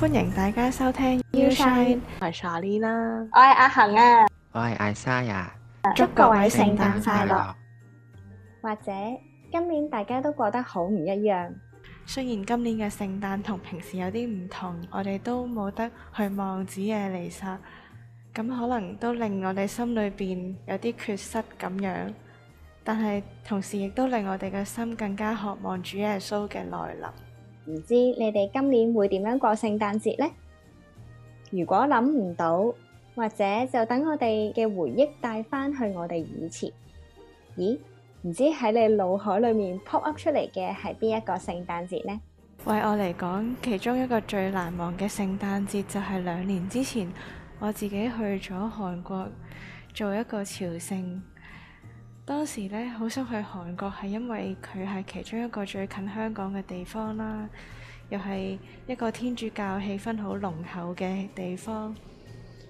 歡迎大家收聽 You Shine，我係 Charlie 啦，我係阿恒啊，我係艾莎呀，祝各位聖誕快樂。或者今年大家都過得好唔一樣，雖然今年嘅聖誕同平時有啲唔同，我哋都冇得去望子夜彌撒，咁可能都令我哋心裏面有啲缺失咁樣，但係同時亦都令我哋嘅心更加渴望主耶穌嘅來臨。唔知你哋今年會點樣過聖誕節呢？如果諗唔到，或者就等我哋嘅回憶帶翻去我哋以前。咦？唔知喺你腦海裏面 pop up 出嚟嘅係邊一個聖誕節呢？為我嚟講，其中一個最難忘嘅聖誕節就係兩年之前，我自己去咗韓國做一個朝聖。當時咧，好想去韓國，係因為佢係其中一個最近香港嘅地方啦，又係一個天主教氣氛好濃厚嘅地方，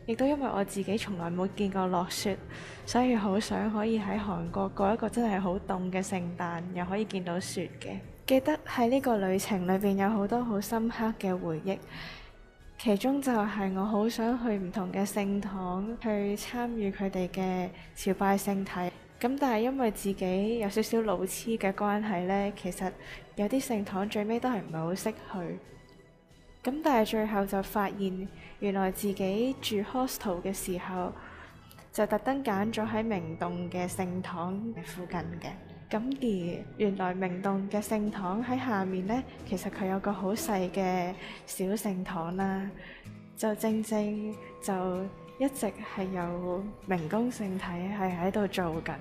亦都因為我自己從來冇見過落雪，所以好想可以喺韓國過一個真係好凍嘅聖誕，又可以見到雪嘅。記得喺呢個旅程裏邊有好多好深刻嘅回憶，其中就係我好想去唔同嘅聖堂去參與佢哋嘅朝拜聖體。咁但係因為自己有少少路痴嘅關係呢，其實有啲聖堂最尾都係唔係好識去。咁但係最後就發現，原來自己住 hostel 嘅時候，就特登揀咗喺明洞嘅聖堂附近嘅。咁而原來明洞嘅聖堂喺下面呢，其實佢有個好細嘅小聖堂啦，就正正就一直係有明供聖體係喺度做緊，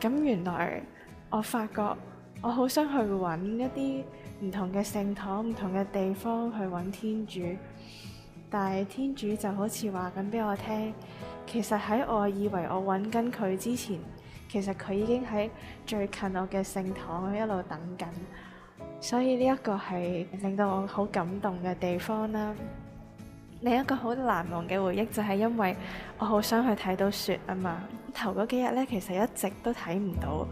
咁原來我發覺我好想去揾一啲唔同嘅聖堂、唔同嘅地方去揾天主，但係天主就好似話緊俾我聽，其實喺我以為我揾緊佢之前，其實佢已經喺最近我嘅聖堂一路等緊，所以呢一個係令到我好感動嘅地方啦。另一個好難忘嘅回憶就係因為我好想去睇到雪啊嘛，頭嗰幾日呢，其實一直都睇唔到，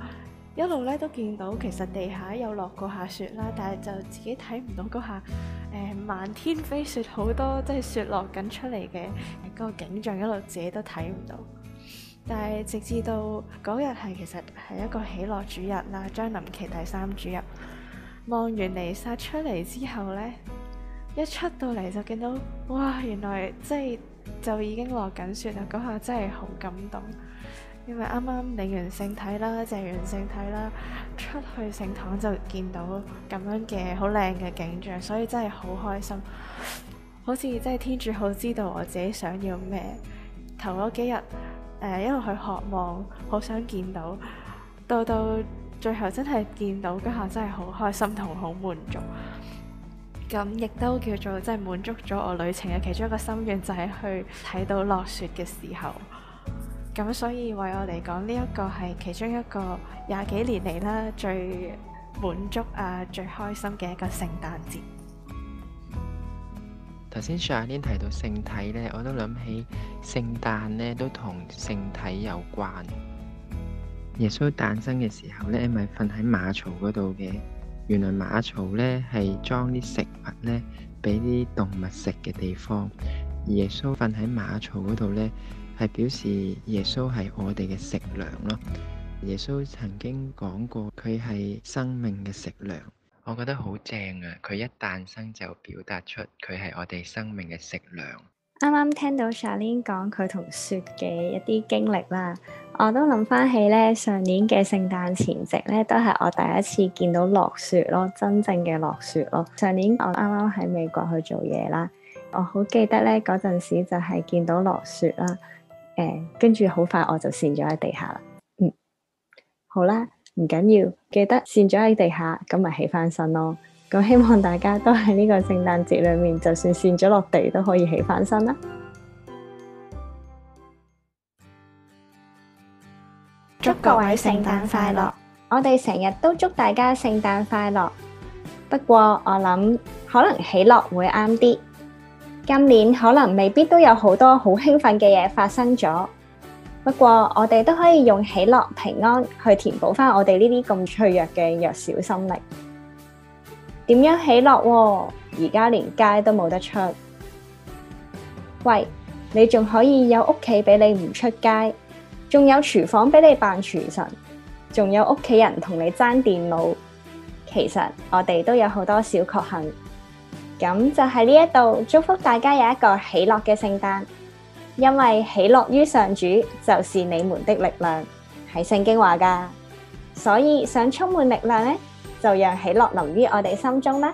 一路呢都見到其實地下有落過下雪啦，但係就自己睇唔到嗰下、呃、漫天飛雪好多，即係雪落緊出嚟嘅嗰個景象，一路自己都睇唔到。但係直至到嗰日係其實係一個喜樂主日啦，將臨期第三主日望完彌撒出嚟之後呢。一出到嚟就見到，哇！原來即係就已經落緊雪啦，嗰下真係好感動。因為啱啱領完聖體啦，謝完聖體啦，出去聖堂就見到咁樣嘅好靚嘅景象，所以真係好開心。好似真係天主好知道我自己想要咩。頭嗰幾日誒、呃，因為佢渴望，好想見到，到到最後真係見到，嗰下真係好開心同好滿足。咁亦都叫做即係滿足咗我旅程嘅其中一個心願，就係去睇到落雪嘅時候。咁所以為我嚟講，呢一個係其中一個廿幾年嚟啦最滿足啊最開心嘅一個聖誕節。頭先上一啲提到聖體呢，我都諗起聖誕呢都同聖體有關。耶穌誕生嘅時候呢，係咪瞓喺馬槽嗰度嘅。原來馬槽咧係裝啲食物咧，俾啲動物食嘅地方。耶穌瞓喺馬槽嗰度咧，係表示耶穌係我哋嘅食糧咯。耶穌曾經講過，佢係生命嘅食糧，我覺得好正啊！佢一誕生就表達出佢係我哋生命嘅食糧。啱啱聽到 Shirin 講佢同雪嘅一啲經歷啦，我都諗翻起咧上年嘅聖誕前夕咧，都係我第一次見到落雪咯，真正嘅落雪咯。上年我啱啱喺美國去做嘢啦，我好記得咧嗰陣時就係見到落雪啦，誒、呃，跟住好快我就跣咗喺地下啦。嗯，好啦，唔緊要，記得跣咗喺地下，咁咪起翻身咯。咁希望大家都喺呢個聖誕節裏面，就算跣咗落地，都可以起翻身啦！祝各位聖誕快樂！我哋成日都祝大家聖誕快樂。不過我諗，可能喜樂會啱啲。今年可能未必都有好多好興奮嘅嘢發生咗。不過我哋都可以用喜樂平安去填補翻我哋呢啲咁脆弱嘅弱小心靈。點樣喜樂，啊？而家連街都冇得出。喂，你仲可以有屋企俾你唔出街，仲有廚房俾你扮廚神，仲有屋企人同你爭電腦。其實我哋都有好多小確幸。咁就喺呢一度祝福大家有一個喜樂嘅聖誕，因為喜樂於上主就是你們的力量，係聖經話㗎。所以想充滿力量呢？就讓喜樂流於我哋心中啦！